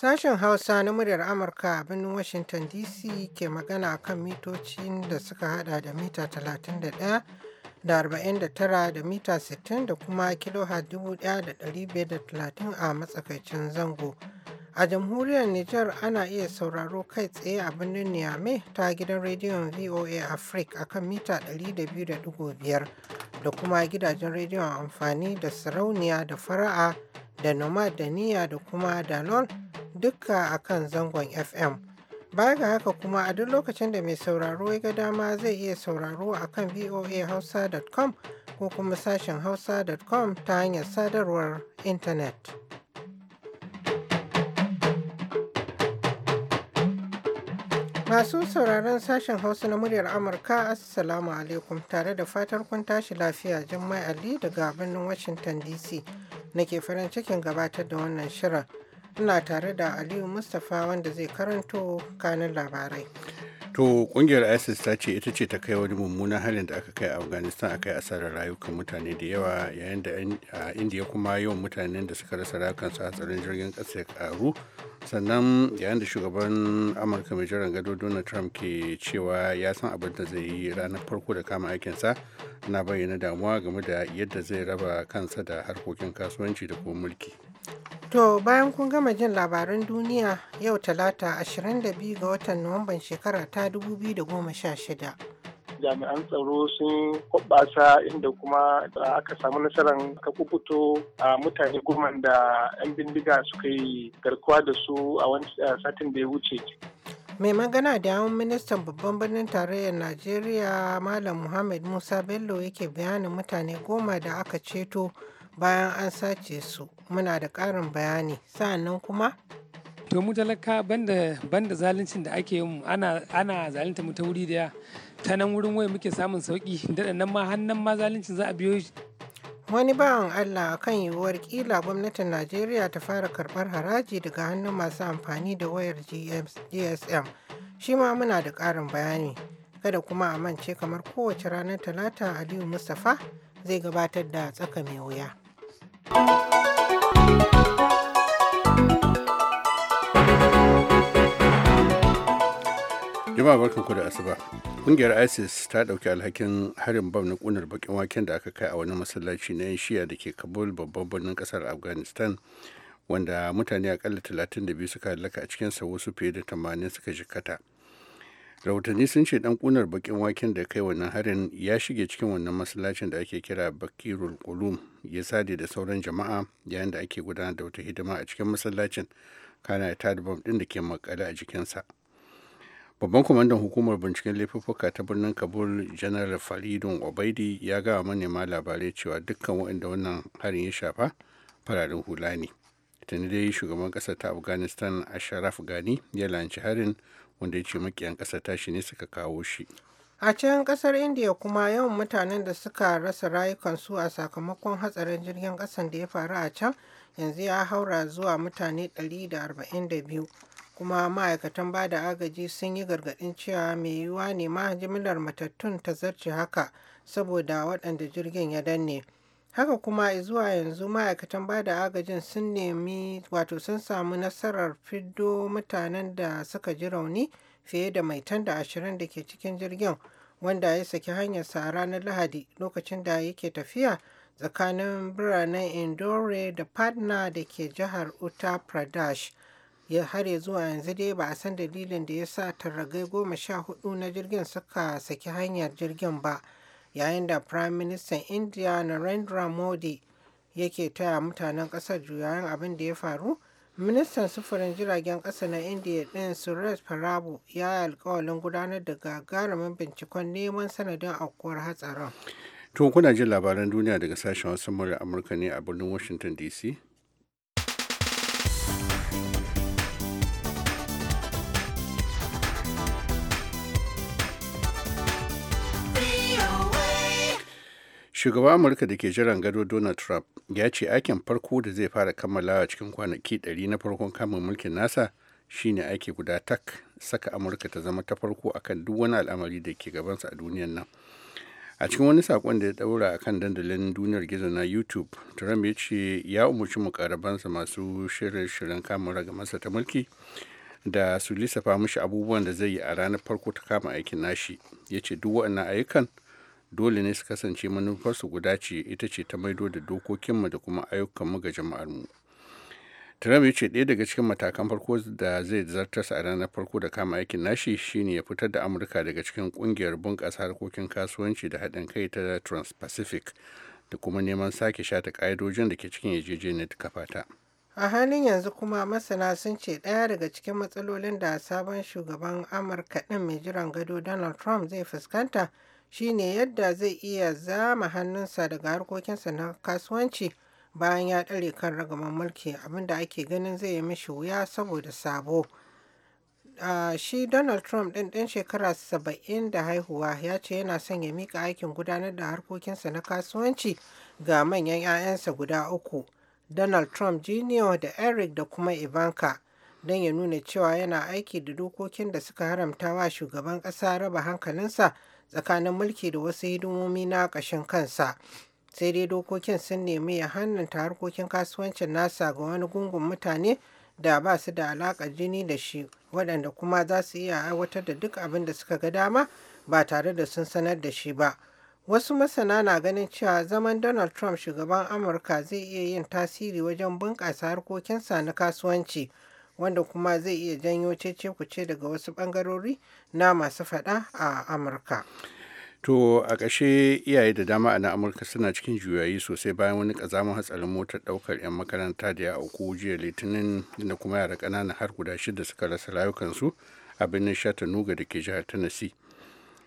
Sashen Hausa na muryar Amurka a birnin Washington DC ke magana kan mitocin da suka hada da mita 31 da arba'in da tara mita sittin da kuma kiloha dubu a matsakaicin zango. A jamhuriyar Nijar ana iya sauraro kai tsaye a birnin Niamey ta gidan rediyon VOA Africa akan mita 200.5 da kuma gidajen rediyon amfani da sarauniya da fara'a da nomad da niya da kuma dalol duka akan zangon FM. Baya ga haka kuma a duk lokacin da mai sauraro ya ga dama zai iya sauraro a kan voahausa.com ko kuma sashen hausa.com ta hanyar sadarwar intanet. Masu sauraron sashen Hausa na muryar Amurka, Assalamu alaikum tare da fatar kun tashi lafiya Jummai Ali daga birnin Washington DC nake farin cikin gabatar da wannan shirin. Ina tare da Aliyu Mustapha wanda zai karanto kanin labarai. To kungiyar ISIS ta ce ita ce ta kai wani mummunan halin da aka kai a Afghanistan aka yi asarar rayukan mutane da yawa yayin da a Indiya kuma yawan mutanen da suka rasa rayukansu a tsarin jirgin ƙasa ya karu sannan yayin da shugaban Amurka mai jiran gado Donald Trump ke cewa ya san abin da zai yi ranar farko da kama aikinsa na bayyana damuwa game da yadda zai raba kansa da harkokin kasuwanci da kuma mulki. To bayan kun gama jin labaran duniya yau talata 22 ga watan Nuwamban shekara ta 2016. jami'an tsaro sun hoɓasa inda kuma da aka samu nasarar ka kubuto a mutane goma da 'yan bindiga suka yi garkuwa da su a wani satin da ya wuce. mai magana da yawun ministan babban birnin tarayyar najeriya malam muhammad musa bello yake bayanin mutane goma da aka ceto bayan an sace su muna da ƙarin bayani. Sa'annan kuma to mu talaka banda banda zaluncin da ake yin ana ana zalunta mu ta wuri daya ta nan wurin waya muke samun sauki da nan ma hannan ma zaluncin za a biyo shi wani bawan Allah kan yiwuwar kila gwamnatin Najeriya ta fara karbar haraji daga hannun masu amfani da wayar GSM shi ma muna da ƙarin bayani kada kuma a mance kamar kowace ranar talata Aliyu mustafa zai gabatar da tsaka mai wuya. jama'a barkanku da asuba kungiyar isis ta ɗauki alhakin harin bam na kunar bakin waken da aka kai a wani masallaci na 'yan shiya da ke kabul babban birnin kasar afghanistan wanda mutane akalla 32 suka halaka a sa wasu fiye da 80 suka jikata rahotanni sun ce dan kunar bakin waken da kai wannan harin ya shige cikin wannan masallacin da ake kira bakirul qulum ya sade da sauran jama'a yayin da ake gudanar da wata hidima a cikin masallacin kana ya tada bam ɗin da ke makale a jikinsa babban kwamandan hukumar binciken laifuffuka ta birnin kabul janar faridun obaidi ya gawa manema labarai cewa dukkan waɗanda wannan harin ya shafa fararen hula ne tuni dai shugaban ƙasa ta afghanistan ashraf gani ya lanci harin wanda ya ce makiyan ta tashi ne suka kawo shi a can ƙasar india kuma yawan mutanen da suka rasa rayukansu a sakamakon hatsarin jirgin ƙasan da ya faru a can yanzu ya haura zuwa mutane 142 kuma ma'aikatan ba da agaji sun yi gargaɗin cewa mai yiwuwa ne ma jimillar matattun ta zarce haka saboda waɗanda jirgin ya danne haka kuma zuwa yanzu ma'aikatan ba da agajin sun nemi wato sun samu nasarar fiddo mutanen da suka ji rauni fiye da mai da ashirin da ke cikin jirgin wanda ya saki hanyar sa ranar lahadi lokacin da yake tafiya tsakanin biranen indore da patna da ke jihar uttar pradesh ya hare zuwa yanzu dai ba a san dalilin da ya sa tarragai goma sha hudu na jirgin suka saki hanyar jirgin ba yayin da prime minister india narendra modi yake taya mutanen kasar juyayen abin da ya faru ministan sufurin jiragen kasa na india din suresh parabu ya yi alkawalin gudanar da gagarumin binciken neman sanadin aukuwar hatsarin to kuna jin labaran duniya daga sashen wasu murya amurka ne a birnin washington dc shugaban amurka da ke jiran gado donald trump ya ce aikin farko da zai fara kammalawa cikin kwanaki 100 na farkon kamun mulkin nasa shine aiki guda tak saka amurka ta zama ta farko akan duk wani al'amari da ke gabansa a duniyan nan a cikin wani sakon da ya daura a kan dandalin duniyar gizo na youtube trump ya ce ya umarci mukarabansa masu shirin-shirin kamun ragamarsa ta mulki da su lissafa mishi abubuwan da zai yi a ranar farko ta kama aikin nashi ya ce duk waɗannan ayyukan dole ne su kasance manufarsu guda ce ita ce ta maido da dokokinmu da kuma ayyukanmu ga jama'armu Trump ya ce ɗaya daga cikin matakan farko da zai zartas a ranar farko da kama aikin nashi shine ya fitar da Amurka daga cikin kungiyar bunƙasa harkokin kasuwanci da haɗin kai ta Trans-Pacific da kuma neman sake shata ƙa'idojin da ke cikin yarjejeniyar kafata. A halin yanzu kuma masana sun ce ɗaya daga cikin matsalolin da sabon shugaban Amurka ɗin mai jiran gado Donald Trump zai fuskanta shine yadda zai iya zama hannunsa daga harkokinsa na kasuwanci bayan ya ɗare kan ragaman mulki abinda ake ganin zai yi mishi wuya saboda sabo. shi Donald Trump ɗin ɗan shekara saba'in da haihuwa ya ce yana son ya mika aikin gudanar da harkokinsa na kasuwanci ga manyan 'ya'yansa guda uku, Donald Trump Jr. da Eric da kuma Ivanka, don ya nuna cewa yana aiki da dokokin da suka haramta wa shugaban ƙasa raba hankalinsa tsakanin mulki da wasu hidimomi na ƙashin kansa sai dai dokokin sun nemi ya hannunta harkokin kasuwancin nasa ga wani gungun mutane da ba su da alaƙar jini da shi waɗanda kuma za su iya aiwatar da duk abin da suka ga dama ba tare da sun sanar da shi ba wasu masana na ganin cewa zaman donald trump shugaban amurka zai iya yin tasiri wajen bunƙasa harkokinsa na kasuwanci wanda kuma zai iya janyo cece kuce daga wasu bangarori na masu fada a amurka to a ƙashe iyaye da dama a na amurka suna cikin juyayi sosai bayan wani ƙazamin hatsarin motar ɗaukar 'yan makaranta da ya auku jiya litinin da kuma yara ƙanana har guda shida suka rasa rayukansu a birnin shatanuga da ke jihar tennessee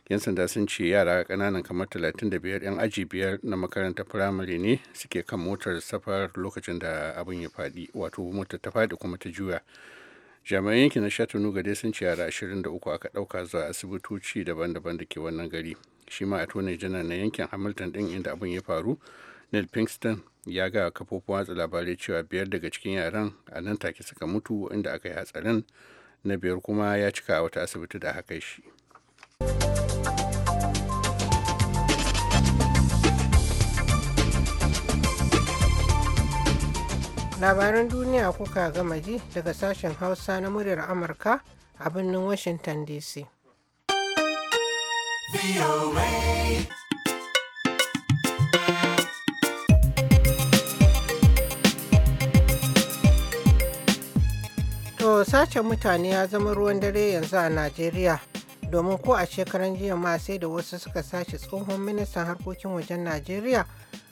yan sanda sun ce yara kananan kamar 35 'yan aji biyar na makarantar firamare ne suke kan motar safar lokacin da abin ya faɗi wato motar ta faɗi kuma ta juya jami'an yankin na shatunu gade sun ce yara 23 aka ɗauka zuwa asibitoci daban-daban da ke wannan gari shi ma a tone jana na yankin hamilton ɗin inda abin ya faru neil pinkston ya ga kafofin watsa labarai cewa biyar daga cikin yaran a nan take suka mutu inda aka yi hatsarin na biyar kuma ya cika a wata asibiti da haka shi. labaran duniya kuka gama ji daga sashen hausa na muryar amurka a birnin washington dc To sace mutane ya zama ruwan dare yanzu a Najeriya domin ko a shekaran jiya ma sai da wasu suka sace tsohon ministan harkokin wajen Najeriya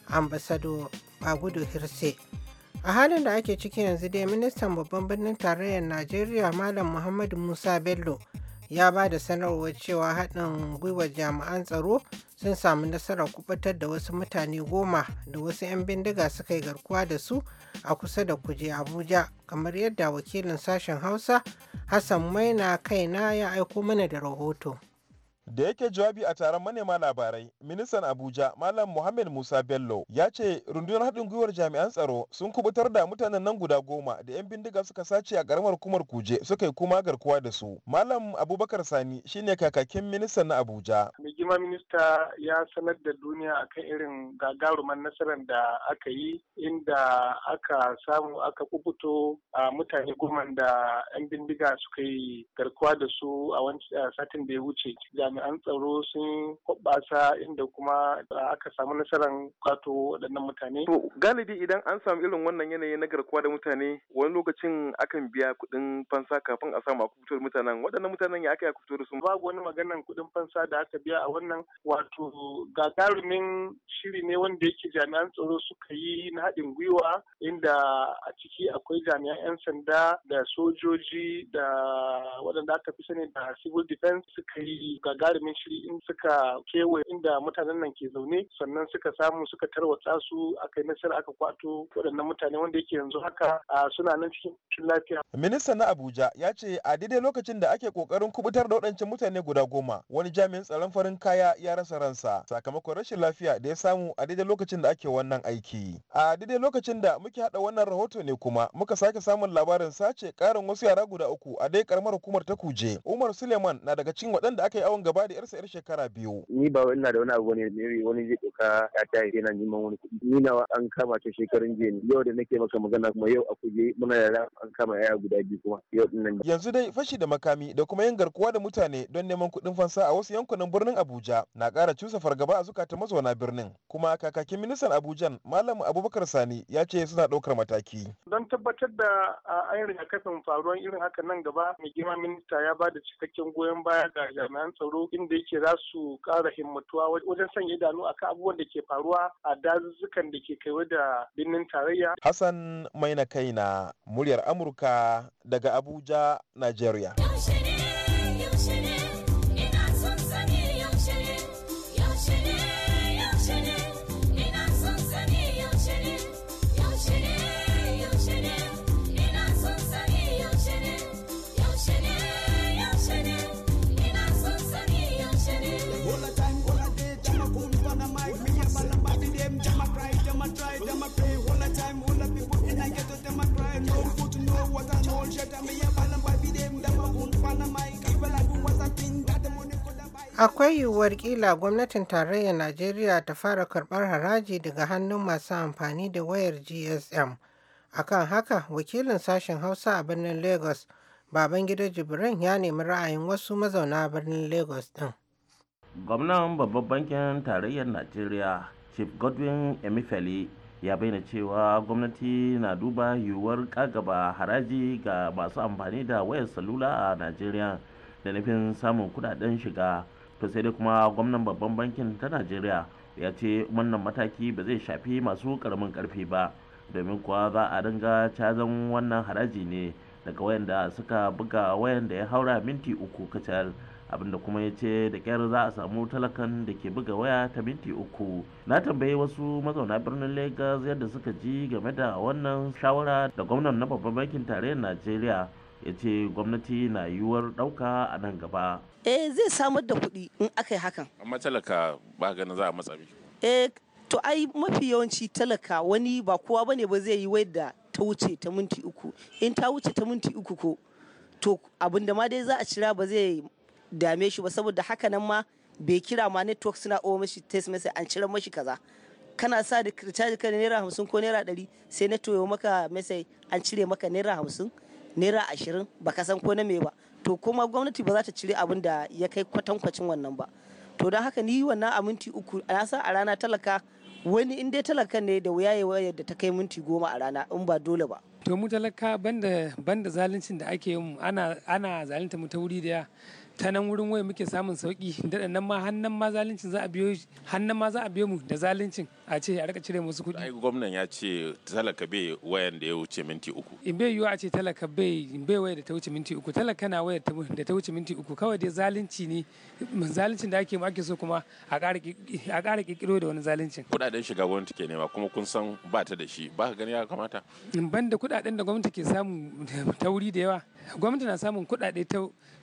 ambasado Bagudu Hirse a halin da ake ciki yanzu dai ministan babban birnin tarayyar najeriya malam muhammadu musa bello ya ba da sanarwar cewa haɗin gwiwar jami'an tsaro sun samu nasarar kubatar da wasu mutane goma da wasu 'yan bindiga suka yi garkuwa da su a kusa da kuje abuja kamar yadda wakilin sashen hausa hassan maina kaina ya aiko mana da rahoto da yake jawabi a taron manema labarai ministan abuja malam muhammed musa bello ya ce rundunar haɗin gwiwar jami'an tsaro sun kubutar da mutanen nan guda goma da 'yan bindiga suka sace a karamar kumar kuje suka yi kuma garkuwa da su malam abubakar sani shine kakakin ministan na abuja mai minista ya sanar da duniya a kan irin gagaruman nasarar da aka yi inda aka samu aka kubuto a mutane goma da 'yan bindiga suka yi garkuwa da su a satin da ya wuce jami'an tsaro sun hoɓɓasa inda kuma aka samu nasarar kwato waɗannan mutane. To galibi idan an samu irin wannan yanayi na garkuwa da mutane wani lokacin akan biya kuɗin fansa kafin a samu akubutar mutanen waɗannan mutanen ya aka yi da su. Babu wani maganan kuɗin fansa da aka biya a wannan wato gagarumin shiri ne wanda yake jami'an tsaro suka yi na haɗin gwiwa inda a ciki akwai jami'an 'yan sanda da sojoji da waɗanda aka fi sani da civil defense suka yi gagarumin shiri in suka kewaye inda mutanen nan ke zaune sannan suka samu suka tarwatsa su aka yi nasara aka kwato waɗannan mutane wanda yake yanzu haka a suna nan cikin lafiya. Ministan na Abuja ya ce a daidai lokacin da ake kokarin kubutar da waɗancan mutane guda goma wani jami'in tsaron farin kaya ya rasa ransa sakamakon rashin lafiya da ya samu a daidai lokacin da ake wannan aiki. A daidai lokacin da muke haɗa wannan rahoto ne kuma muka sake samun labarin sace ƙarin wasu yara guda uku a dai karamar hukumar ta Kuje. Umar Suleiman na daga cikin waɗanda aka yi awon gaba da yarsa yar shekara biyu. Ni ba ina da wani abu ne wani zai doka ya ta yi yana neman wani kuɗi. Ni nawa an kama ta shekarun jiya yau da nake maka magana kuma yau a kuje muna da an kama yaya guda biyu kuma yau din nan. Yanzu dai fashi da makami da kuma 'Yan garkuwa da mutane don neman kuɗin fansa a wasu yankunan birnin Abuja na ƙara cusa fargaba a zukatan mazauna birnin. Kuma kakakin ministan Abujan Malam Abubakar Sani ya ce suna ɗaukar mataki. Don tabbatar da an rigakafin faruwar irin haka nan gaba mai girma minista ya ba da cikakken goyon baya ga jami'an tsaro tsaro inda yake za su ƙara himmatuwa wajen sanya idanu akan abubuwan da ke faruwa a dazuzzukan da ke kaiwa da birnin tarayya. Hassan Maina Kaina, muryar Amurka daga Abuja, Nigeria. Akwai yiwuwar kila gwamnatin tarayyar Najeriya ta fara karɓar haraji daga hannun masu amfani da wayar GSM. Akan haka, wakilin sashen Hausa a birnin Lagos, gida Jibrin ya nemi ra'ayin wasu mazauna birnin Lagos ɗin. Gwamnan babban bankin tarayyar Najeriya, Chief Godwin emifeli ya bayyana cewa gwamnati na duba yiwuwar kagaba haraji ga masu amfani da wayar salula a najeriya da nufin samun kudaden shiga to sai dai kuma gwamnan babban bankin ta najeriya ya ce wannan mataki ba zai shafi masu karamin karfi ba domin kuwa za a dinga cazan wannan haraji ne daga wayanda suka buga wayanda ya haura minti uku kacal abinda kuma ya ce da kyar za a samu talakan da ke buga waya ta minti uku na tambayi wasu mazauna birnin lagos yadda suka ji game da wannan shawara da gwamnan na babban bankin tarayyar najeriya ya ce gwamnati na yiwuwar ɗauka a nan gaba eh zai samar da kuɗi in aka yi hakan amma talaka ba ganin za a matsa eh to ai mafi yawanci talaka wani ba kowa bane ba zai yi da ta wuce ta minti uku in ta wuce ta minti uku ko to abin da ma dai za a cira ba zai dame shi ba saboda haka nan ma bai kira ma network suna owa mashi test message an cire mashi kaza kana sa da charge ka naira hamsin ko naira ɗari sai na toyo maka an cire maka naira hamsin naira ashirin baka san ko na me ba to kuma gwamnati ba za ta cire abin da ya kai kwatankwacin wannan ba to don haka ni wannan a minti uku na san a rana talaka wani in dai talaka ne da wuya ya da ta kai minti goma a rana in ba dole ba to mu talaka banda banda zaluncin da ake yin ana ana zalunta mu ta wuri da ta nan wurin waya muke samun sauki da nan ma hannan ma zaluncin za a biyo hannan ma za a biyo mu da zaluncin a ce a rika cire musu kuɗi ai gwamnan ya ce talaka bai wayan da ya wuce minti uku in eh, bai yiwu a ce talaka bai in bai waya da ta wuce minti uku talaka na waya da ta wuce minti uku kawai dai zalunci ne zaluncin da ake mu ake so kuma a ƙara ƙirƙiro da wani zaluncin kuɗaɗen shiga gwamnati ke nema kuma kun san ba ta da shi ba ka gani ya kamata ban da kuɗaɗen da gwamnati ke samu ta wuri da yawa gwamnati na samun kuɗaɗe ta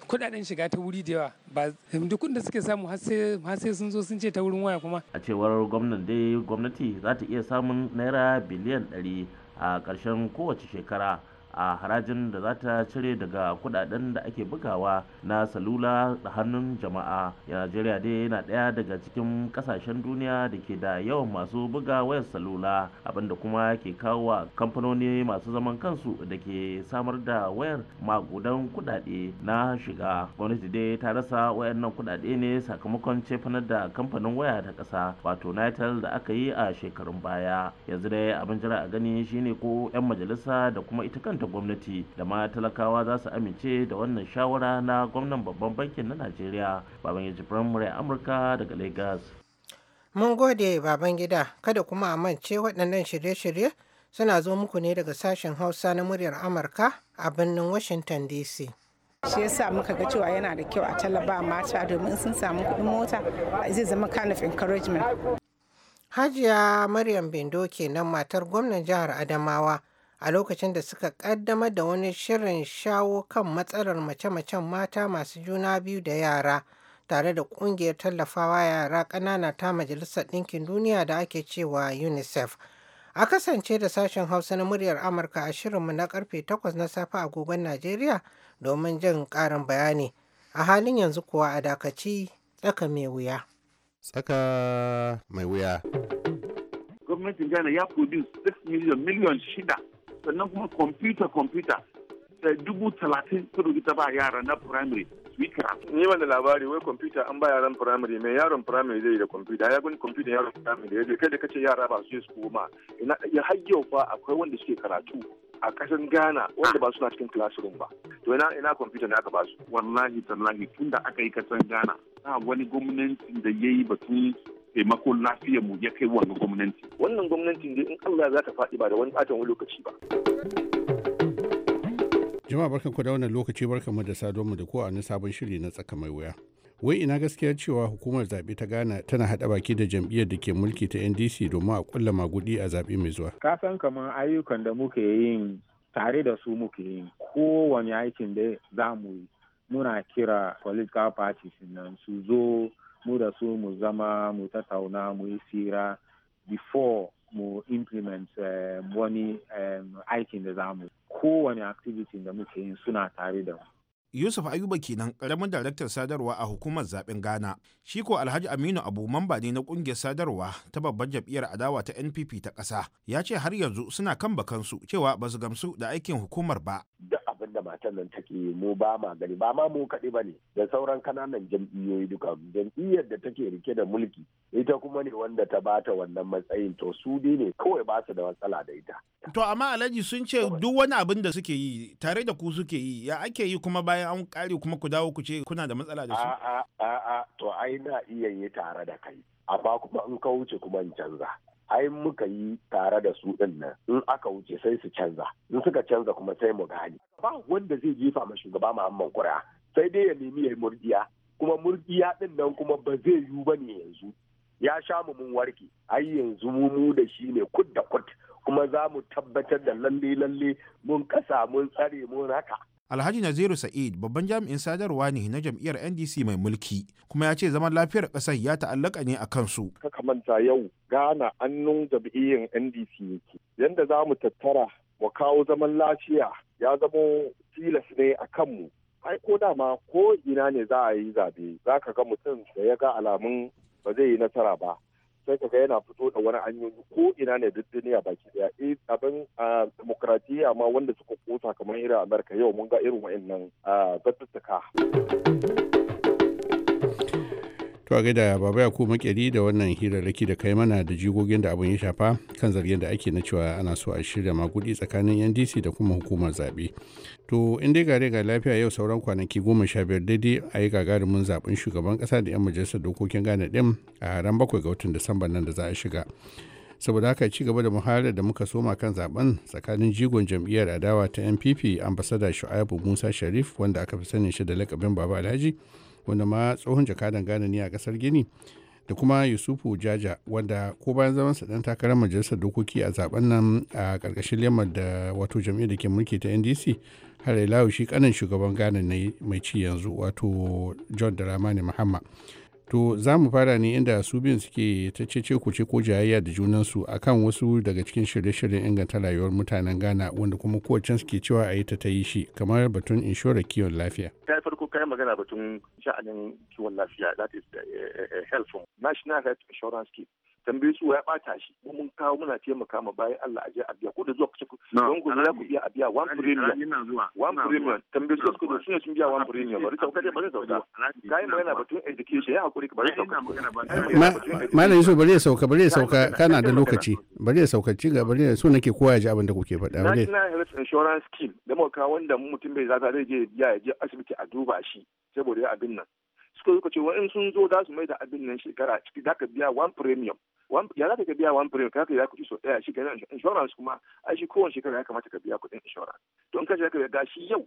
kuɗaɗen shiga ta wuri da yawa ba duk da suke samu har sai sun zo sun ce ta wurin waya kuma a cewar gwamnati dai gwamnati za ta iya samun naira biliyan ɗari a ƙarshen kowace shekara a harajin da za ta cire daga kudaden da ake bugawa na salula da hannun jama'a ya najeriya dai yana daya daga cikin kasashen duniya da ke da yawan masu buga wayar salula abinda kuma ke kawo wa kamfanoni masu zaman kansu da ke samar da wayar magudan kudade na shiga gwamnati dai ta rasa wayannan kudade ne sakamakon cefanar da kamfanin waya ta kasa wato nitel da aka yi a shekarun baya yanzu dai abin jira a gani shine ko 'yan majalisa da kuma ita kanta gwamnati da ma talakawa za su amince da wannan shawara na gwamnan babban bankin na najeriya baban ya murai amurka daga lagos mun gode baban gida kada kuma a mance waɗannan shirye-shirye suna zo muku ne daga sashen hausa na muryar amurka a birnin washington dc shi yasa muka ga cewa yana da kyau a talaba mata domin sun samu kuɗin mota zai zama kind of encouragement hajiya maryam bindo kenan matar gwamnan jihar adamawa a lokacin da suka ƙaddamar da wani shirin shawo kan matsalar mace-macen mata masu juna biyu da yara tare da ƙungiyar tallafawa yara ƙanana ta majalisar ɗinkin duniya da ake cewa unicef a kasance da sashen hausa na muryar amurka a shirinmu na karfe 8 na safe agogon najeriya domin jin ƙarin bayani a halin yanzu kuwa a dakaci tsaka mai wuya tsaka mai wuya gwamnatin ghana ya produce 6 million miliyan shida sannan kuma kwamfuta kwamfuta eh, dubu talatin kudu ta ba yara na primary su yi karatu. Ni wanda labari wai kwamfuta an ba yaran primary mai yaron primary zai yi da kwamfuta ya gani kwamfuta yaron primary ya zai kai da kace yara ba su yi su ma ina ya hayyau fa akwai wanda suke karatu a ƙasar Ghana wanda ba su suna cikin classroom ba to ina ina computer ne aka ba su. Wallahi tallahi tun da aka yi ƙasar gana. a wani gwamnatin da ya yi batun taimako lafiyar mu ya kai wannan gwamnati wannan gwamnatin dai in Allah za ta faɗi ba da wani wani lokaci ba jama'a barkan ku da wannan lokaci barkan mu da saduwar mu da ko a sabon shiri na tsaka mai wuya wai ina gaskiya cewa hukumar zaɓe ta ghana tana haɗa baki da jam'iyyar da ke mulki ta ndc domin a ƙulla magudi a zaɓe mai zuwa ka san kamar ayyukan da muke yi tare da su muke yin kowane aikin da za mu yi muna kira political parties nan su zo mu da su mu zama mu tattauna mu yi tsira before mu implement eh, wani eh, aikin da zamu kowane activity da muke yin suna tare da mu. Yusuf Ayuba kenan ƙaramin daraktar sadarwa a hukumar zaben Ghana. Shi ko Alhaji Aminu Abu mamba ne na ƙungiyar sadarwa ta babban jam'iyyar adawa ta NPP ta ƙasa. Ya ce har yanzu suna kan bakansu cewa ba su gamsu da aikin hukumar ba. matan nan take mu ba ma gani ba ma mu kaɗi ba ne da sauran kananan jam'iyyoyi duka jam'iyyar da take rike da mulki ita kuma ne wanda ta bata wannan matsayin to su dai ne kawai ba su da matsala da ita. To amma alhaji sun ce duk wani abin da suke yi tare da ku suke yi ya ake yi kuma bayan an kare kuma ku dawo ku ce kuna da matsala da su. A'a a'a to ai na iya yi tare da kai amma kuma in ka wuce kuma in canza. ai muka yi tare da su din nan in aka wuce sai su canza in suka canza kuma sai mu gani ba wanda zai jefa ma shugaba Muhammad Kura sai dai ya nemi ya yi murdiya kuma murdiya din nan kuma ba zai yiwu ba ne yanzu ya sha mu mun warke ai yanzu mu da shi ne kud da kud kuma za mu tabbatar da lalle lalle mun kasa mun tsare mun haka Alhaji Naziru Sa'id babban jami'in sadarwa ne na jam'iyyar NDC mai mulki kuma ya ce zaman lafiyar ƙasar ya ta'allaka ne a kansu. ka manta yau gana annun jam'iyyar NDC yake. yadda za mu tattara mu kawo zaman lafiya ya zamo tilas ne a kanmu. Ai ko dama ko ina ne za a yi zabe za ka ga mutum da ya ga alamun ba zai yi nasara ba sai ka ga yana fito da wani hanyoyi ko ina ne duk duniya baki daya eh abin demokradiyya ma wanda suka kosa kamar irin Amerika yau mun ga irin wa'annan zattuttuka. to a gaida baba ya ku makeri da wannan hirarraki da kai mana da jigogin da abun ya shafa kan zargin da ake na cewa ana so a shirya magudi tsakanin ndc da kuma hukumar zabe to in dai gare ga lafiya yau sauran kwanaki goma sha biyar daidai a yi gagarumin zaben shugaban kasa da 'yan majalisar dokokin ghana ɗin a ran bakwai ga watan disamba nan da za a shiga saboda haka ci gaba da muhalar da muka soma kan zaben tsakanin jigon jam'iyyar adawa ta npp ambasada shu'aibu musa sharif wanda aka fi sanin shi da lakabin baba alhaji wanda ma tsohon jakadan gane ne a kasar gini da kuma yusufu jaja wanda ko bayan zaman sa dan takarar majalisar dokoki a zaben nan a karkashin lemar da wato jam'iyyar da ke mulki ta ndc har ila shi kanan shugaban gane ne mai ci yanzu wato john dramani muhammad To za mu fara ne inda su biyun suke ta cece ce ko jayayya da junansu akan wasu daga cikin shirye-shiryen inganta rayuwar mutanen Ghana wanda kuma kowace suke cewa a yi ta ta yi shi kamar batun inshorar kiwon lafiya. Ta farko kai magana batun sha'anin kiwon lafiya that is eh, eh, eh, health national health insurance scheme tambaye su ya bata shi mu mun kawo muna taimaka ma bayan Allah a je a biya ko da zuwa ku ku don ku za ku biya a biya one premium one premium tambaye su ku su ne sun biya one premium bari sauka dai bari sauka kai na batun education ya hakuri bari sauka malam Yusuf bari ya sauka bari ya sauka kana da lokaci bari ya sauka ci ga bari so nake kowa ya ji abin da kuke faɗa bari na Health Insurance Scheme da kawo wanda mutum bai zata zai je ya je asibiti a duba shi saboda ya abin nan suka zo ce in sun zo za su mai da abin nan shekara ciki za ka biya one premium ya za ka biya one premium ka ya kuɗi so ɗaya shi kenan insurance kuma ai shi kowane shekara ya kamata ka biya kuɗin insurance don ka ka ga shi yau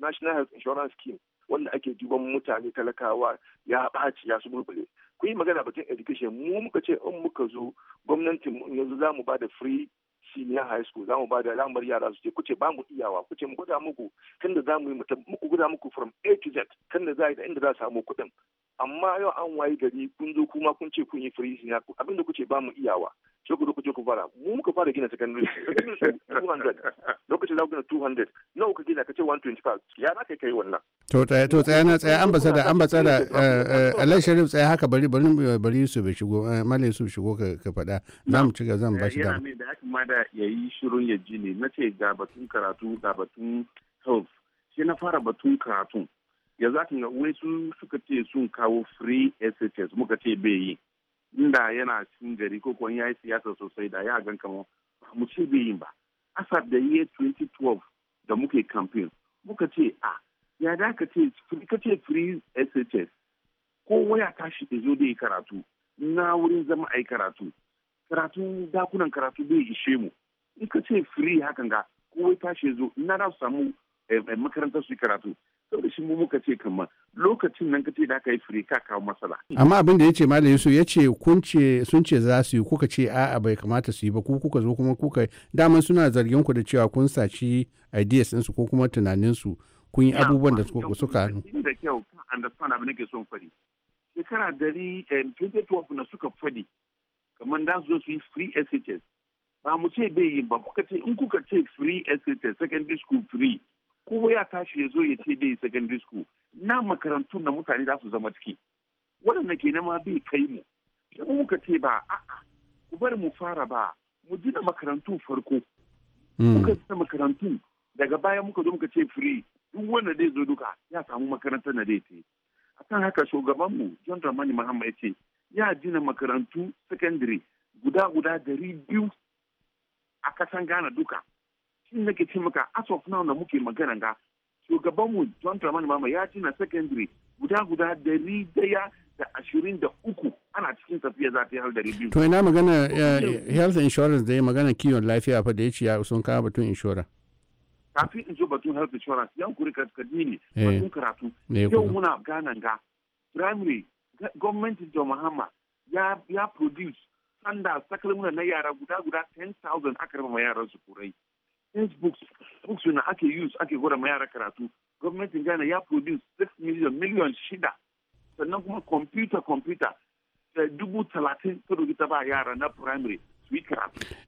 national health insurance scheme wanda ake duban mutane talakawa ya ɓaci ya su bulbule. ku yi magana batun education mu muka ce in muka zo gwamnatin mu yanzu za mu ba da free senior high school za mu ba da lamar yara su ce kuce ba mu iyawa kuce mu gwada muku kan da mu yi muku gwada muku from A to Z kan da za da inda za samu kuɗin amma yau an wayi gari kun zo kuma kun ce kun yi free senior abinda kuce ba mu iyawa sai ku zo ku je ku fara mu muka fara gina secondary secondary su 200 lokacin da gina 200 nawa ka gina ka ce 125 ya za ka kai wannan to to tsaya na tsaya an basa da an basa da Allah Sharif tsaya haka bari bari bari su bai shigo eh, mallam su shigo ka ka faɗa na mu ci ga zan bashi da yana da kuma da yayi shirun ya ji ne na ce ga batun karatu ga batun health sai na fara batun karatu ya za ka ga wai su suka ce sun kawo free SHS muka ce bai yi inda yana cin gari ko kuwa ya yi siyasa sosai da ya gan ba mu ce bai yin ba asad da yi 2012 da muke campaign muka ce a ya da ka ce ka ce free shs ko waya tashi da zo da karatu na wurin zama a yi karatu karatu dakunan karatu bai ishe mu in ka ce free hakan ga ko wai shi zo na da su samu eh, eh, makarantar su karatu saboda shi mu muka ce kama lokacin nan kace da aka yi fure ka kawo masala. amma abin da yace malam Yusuf yace kun ce sun ce za su yi kuka ce a'a bai kamata su yi ba ku kuka zo kuma kuka daman suna zargin ku da cewa kun saci ideas ɗinsu ko kuma tunanin su kun yi abubuwan da suka hannu da kyau understand abin da ke son fari shekara dari 2012 eh, na suka fadi kamar da su zo su yi free SHS ba mu ce bai yi ba kuka ce in kuka ce free SHS secondary school free ko ya tashi ya zo ya ce bai secondary school na makarantu na mutane za su zama ciki waɗanda ke ma bai kai mu in muka ce ba a'a ku bari mu fara ba mu gina makarantu farko hmm. muka gina makarantun daga baya muka zo muka ce free duk wanda zai zo duka ya samu makarantar na zai ce kan haka shugabanmu John Dramani Mahama ya ce ya gina makarantu secondary guda guda dari biyu a kasan Ghana duka ke ce maka as of now da muke magana ga shugabanmu John Dramani Mahama ya na secondary guda guda dari daya da ashirin da uku ana cikin tafiya za ta yi dari biyu. To ina magana eh, health insurance da ya magana kiwon lafiya fa da ya ce ya sun kawo batun insurance. Kafin in zo batun health insurance yan kuri kaskadi ne eh. batun karatu. Eh, yau muna gana ga primary gwamnatin John Mahama ya produce sanda sakalmuna na yara guda guda 10,000 aka karɓar ma yaran su kurai. textbooks books na ake use ake gwada ma yara karatu gwamnatin ghana ya produce six million miliyan shida sannan kuma computer computer eh, dubu talatin ta ta ba yara na primary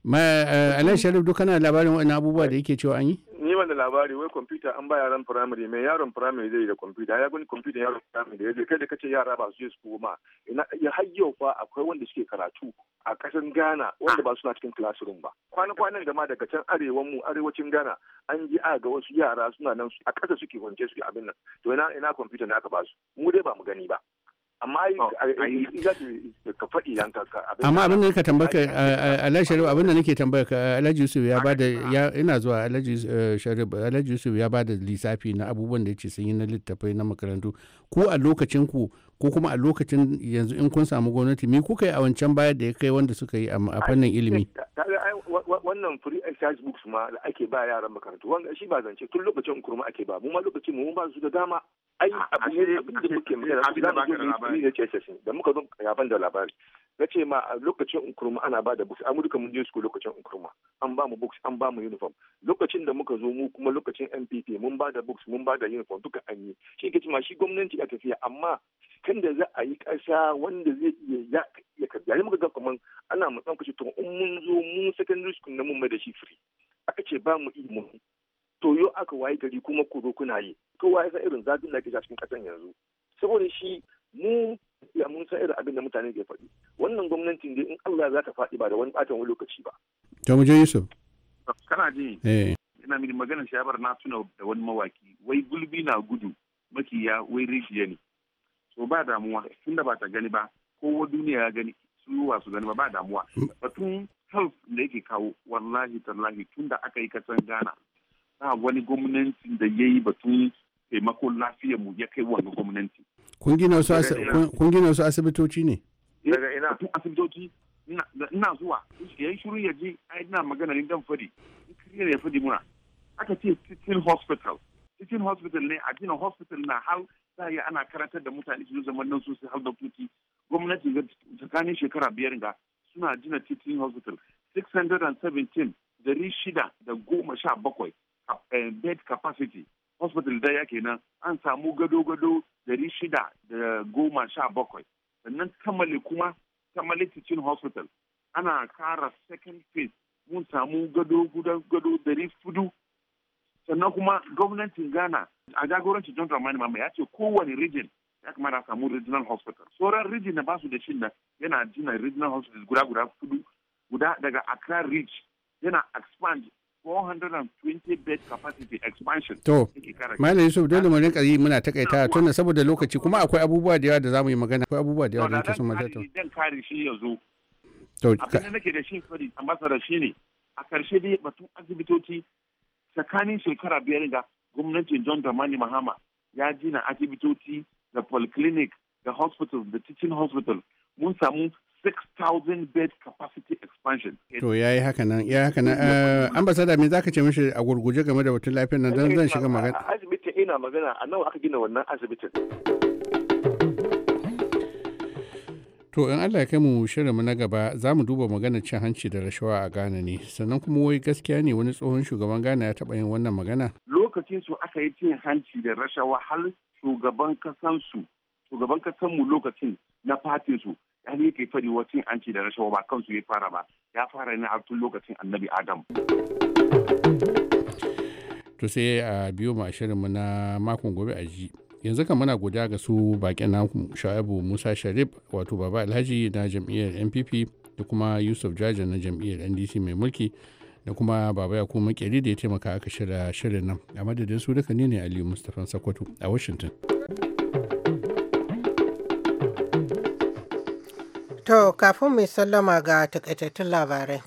ma eh, alai sharif duk kana labarin wani abubuwa da yake cewa an yi. ni wanda labari wai kwamfuta an ba yaran firamare mai yaron firamare zai yi da kwamfuta ya gani kwamfuta yaron firamare ya je kai da kace yara ba su je su koma ya fa akwai wanda suke karatu a kasan Ghana wanda ba suna cikin classroom ba kwana-kwanan da ma daga can arewa mu arewacin Ghana an ji a ga wasu yara suna nan a kasa suke wance suke abin nan to ina ina kwamfuta na aka ba su mu dai ba mu gani ba amma oh, ka faɗi yanka amma abin da ka tambaka eh, eh, alhaji sharif abin da nake tambaka eh, alhaji yusuf ya bada ya ina zuwa alhaji sharif alhaji yusuf ya bada lissafi na abubuwan da yace sun yi na littafai na makarantu ko a lokacin ku ko kuma a lokacin yanzu in kun samu gwamnati mi kuka yi a wancan baya da ya kai wanda suka yi a fannin ilimi wannan free exercise books ma da ake ba yaran makarantu wanda shi ba zance tun lokacin kurma ake ba mu ma lokacin mu ba su da dama ai abu ne da muke mu da muka zo yaban da labari na ce ma a lokacin unkurma ana ba da books an duka mun je su lokacin unkurma an ba mu books an ba mu uniform lokacin da muka zo mu kuma lokacin MPP mun ba da books mun ba da uniform duka an yi shi ke ma shi gwamnati a tafiya amma kan da za a yi ƙasa wanda zai iya ya karbi yayin muka ga kaman ana matsan kace to in mun zo mu secondary school na mun mai da shi aka ce ba mu ilimi to yo aka waye gari kuma ku zo kuna yi kowa ya irin zafin da ke cikin ƙasan yanzu saboda shi mu ya mun san irin abin da mutane ke faɗi wannan gwamnatin dai in Allah za ta faɗi ba da wani ɓatan lokaci ba. To mu je Yusuf. Kana ji. Eh. Ina mini maganar shabar na tuna da wani mawaki wai gulbi na gudu makiya wai rijiya ne. to ba damuwa tunda ba ta gani ba kowa duniya ya gani su wasu gani ba ba damuwa mm. batun health da yake kawo wallahi tallahi tunda aka yi kasan gana ta wani gwamnati da ya yi batun taimakon lafiyar mu ya kai wani gwamnati. Kun gina su asibitoci ne? Daga ina? Tun asibitoci ina zuwa ya yi shiru ya je ai ina magana ne dan fadi in kariya ya fadi muna aka ce teaching hospital cikin hospital ne a jina hospital na har za yi ana karantar da mutane su zama nan su har doktoci gwamnati tsakanin shekara biyar ga suna gina titin hospital 617 dari shida da goma sha bakwai eh, bed capacity hospital ya kenan an samu gado-gado dari shida da goma sha bakwai sannan tamale kuma tamale titin hospital ana kara second phase mun samu gado gado dari fudu sannan kuma gwamnatin ghana a jagorancin john dramani mama ya ce kowane region ya kamata a samu regional hospital sauran region da basu da shi nan yana jina regional hospital guda guda kudu guda daga accra ridge yana expand 420 bed capacity expansion. To, Malam Yusuf dole mu rinka yi muna takaita tunda saboda lokaci kuma akwai abubuwa da yawa da zamu yi magana akwai abubuwa da yawa da nake son magana. Dan kare shi yanzu. To, abin da nake da shi fari ambassador shine a karshe dai batun asibitoci tsakanin shekara biyar ga gwamnatin john dramani mahama ya jina asibitoci da polyclinic da hospital da teaching hospital mun samu 6,000 bed capacity expansion. To ya yi haka nan, ya haka nan. Eh, Ambasada me za ka ce mishi a gurguje game da batun lafiyar nan don zan shiga magana? Asibitin ina magana a nawa aka gina wannan asibitin. To in Allah kai mu mu na gaba za mu duba magana cin hanci da rashawa a Ghana ne sannan kuma wai gaskiya ne wani tsohon shugaban Ghana ya taɓa yin wannan magana. Lokacin su aka yi cin hanci da rashawa har shugaban su, shugaban mu lokacin na fatin su ya ne ke fari cin hanci da rashawa ba kansu ya fara ba ya fara ne a tun lokacin annabi Adam. To sai a biyo mu a mu na makon gobe a ji. yanzu kan muna guda ga su baƙin naku sha'abu musa sharif wato baba alhaji na jam'iyyar npp da kuma yusuf jarja na jam'iyyar ndc mai mulki da kuma baba ya kuma makeri da ya taimaka aka shirya shirin nan a madadin su duka ne ne aliyu mustapha sakwato a washington to kafin mai sallama ga takaitattun labarai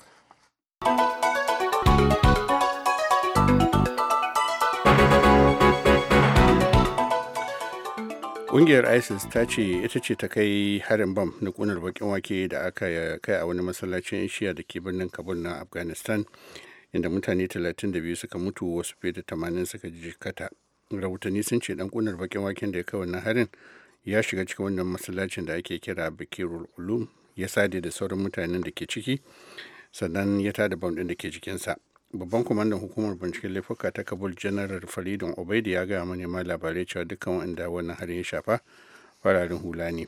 Ƙungiyar ISIS ta ce ita ce ta kai harin bam na ƙunar bakin wake da aka kai a wani masallacin shiya da ke birnin Kabul na Afghanistan inda mutane 32 suka mutu wasu fiye da 80 suka jikata. Rahotanni sun ce dan kunar bakin waken da ya kai wannan harin ya shiga cikin wannan masallacin da ake kira Bakirul Ulum ya sade da sauran mutanen da ke ciki sannan ya tada bam ɗin da ke jikinsa. babban kwamandan hukumar binciken laifuka ta kabul janaral faridun obaidi ya gaya ma labarai cewa dukkan wanda wannan har ya shafa fararen hula ne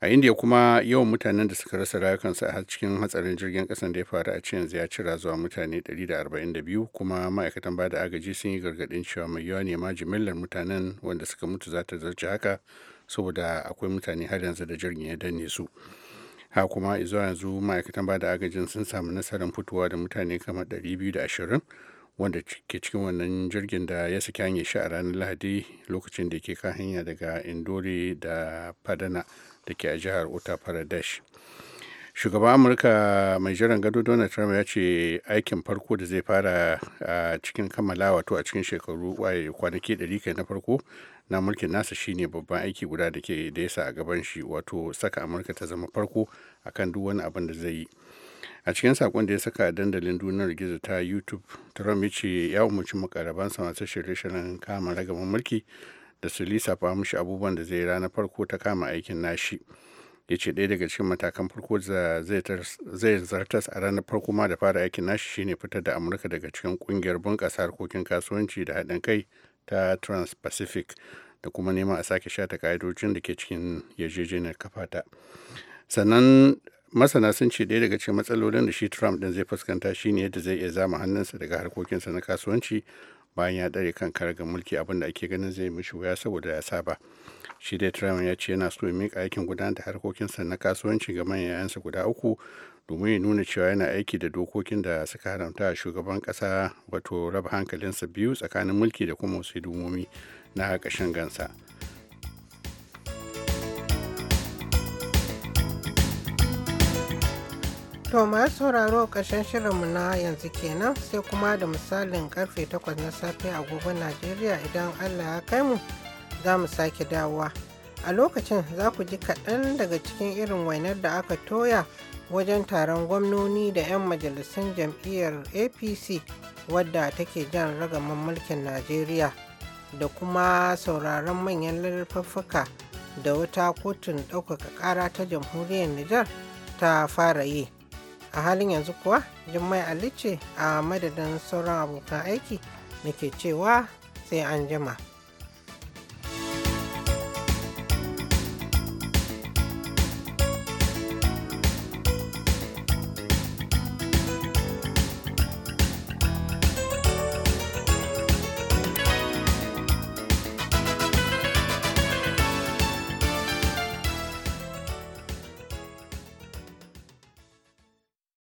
a indiya kuma yawan mutanen da suka rasa rayukansu a cikin hatsarin jirgin kasan da ya faru a cikin ya cira zuwa mutane 142 kuma ma'aikatan ba da agaji sun yi gargaɗin cewa mai yawa ne ma jimillar mutanen wanda suka mutu za ta zarce haka saboda akwai mutane har yanzu da jirgin ya danne su ha kuma zuwa yanzu ma'aikatan ba da agajin sun samu nasarar fitowa da mutane kama 220 wanda ke cikin wannan jirgin da ya saki hanyar shi a ranar lahadi lokacin da ke kan hanya daga indore da padana da ke a jihar uttar pradesh shugaban amurka mai jiran gado donald trump ya ce aikin farko da zai fara a cikin kammala wato a cikin shekaru kwanaki 100 na farko na mulkin nasa shine babban aiki guda da ke da yasa a gaban shi wato saka amurka ta zama farko akan duk wani abin da zai yi a cikin sakon da ya saka a dandalin duniyar gizo ta youtube trump ya ce ya umarci makarabansa masu shirye-shiryen kama ragaman mulki da su lissafa mishi abubuwan da zai ranar farko ta kama aikin nashi ya ce ɗaya daga cikin matakan farko zai zartas a ranar farko ma da fara aikin nashi shine fitar da amurka daga cikin kungiyar bunƙasa harkokin kasuwanci da haɗin kai ta trans-pacific da kuma neman a sake sha ta ka'idojin da ke cikin yarjejeniyar kafata sannan masana sun ce ɗaya daga cikin matsalolin da shi trump ɗin zai fuskanta shine yadda zai iya zama hannunsa daga harkokinsa na kasuwanci bayan ya ɗare kan karagar mulki abin ake ganin zai mishi wuya saboda ya saba shi dai trump ya ce yana so ya miƙa aikin gudanar da harkokinsa na kasuwanci ga manyan 'ya'yansa guda uku domin ya nuna cewa yana aiki da dokokin da suka haramta shugaban kasa wato raba hankalinsa biyu tsakanin mulki da kuma wasu hidimomi na ƙashin gansa to masu sauraro shirin shirinmu na yanzu kenan sai kuma da misalin karfe 8 na safe agogon najeriya idan allah ya kai mu za mu sake dawowa a lokacin za ku ji kaɗan daga cikin irin wainar da aka toya wajen taron gwamnoni da 'yan majalisun jam'iyyar apc wadda take jan ragaman mulkin najeriya da kuma sauraron manyan laifuffuka da wata kotun ɗaukaka ƙara ta jamhuriyar nijar ta fara yi a halin yanzu kuwa jimai alice a madadin sauran abokan aiki nake cewa sai an jima.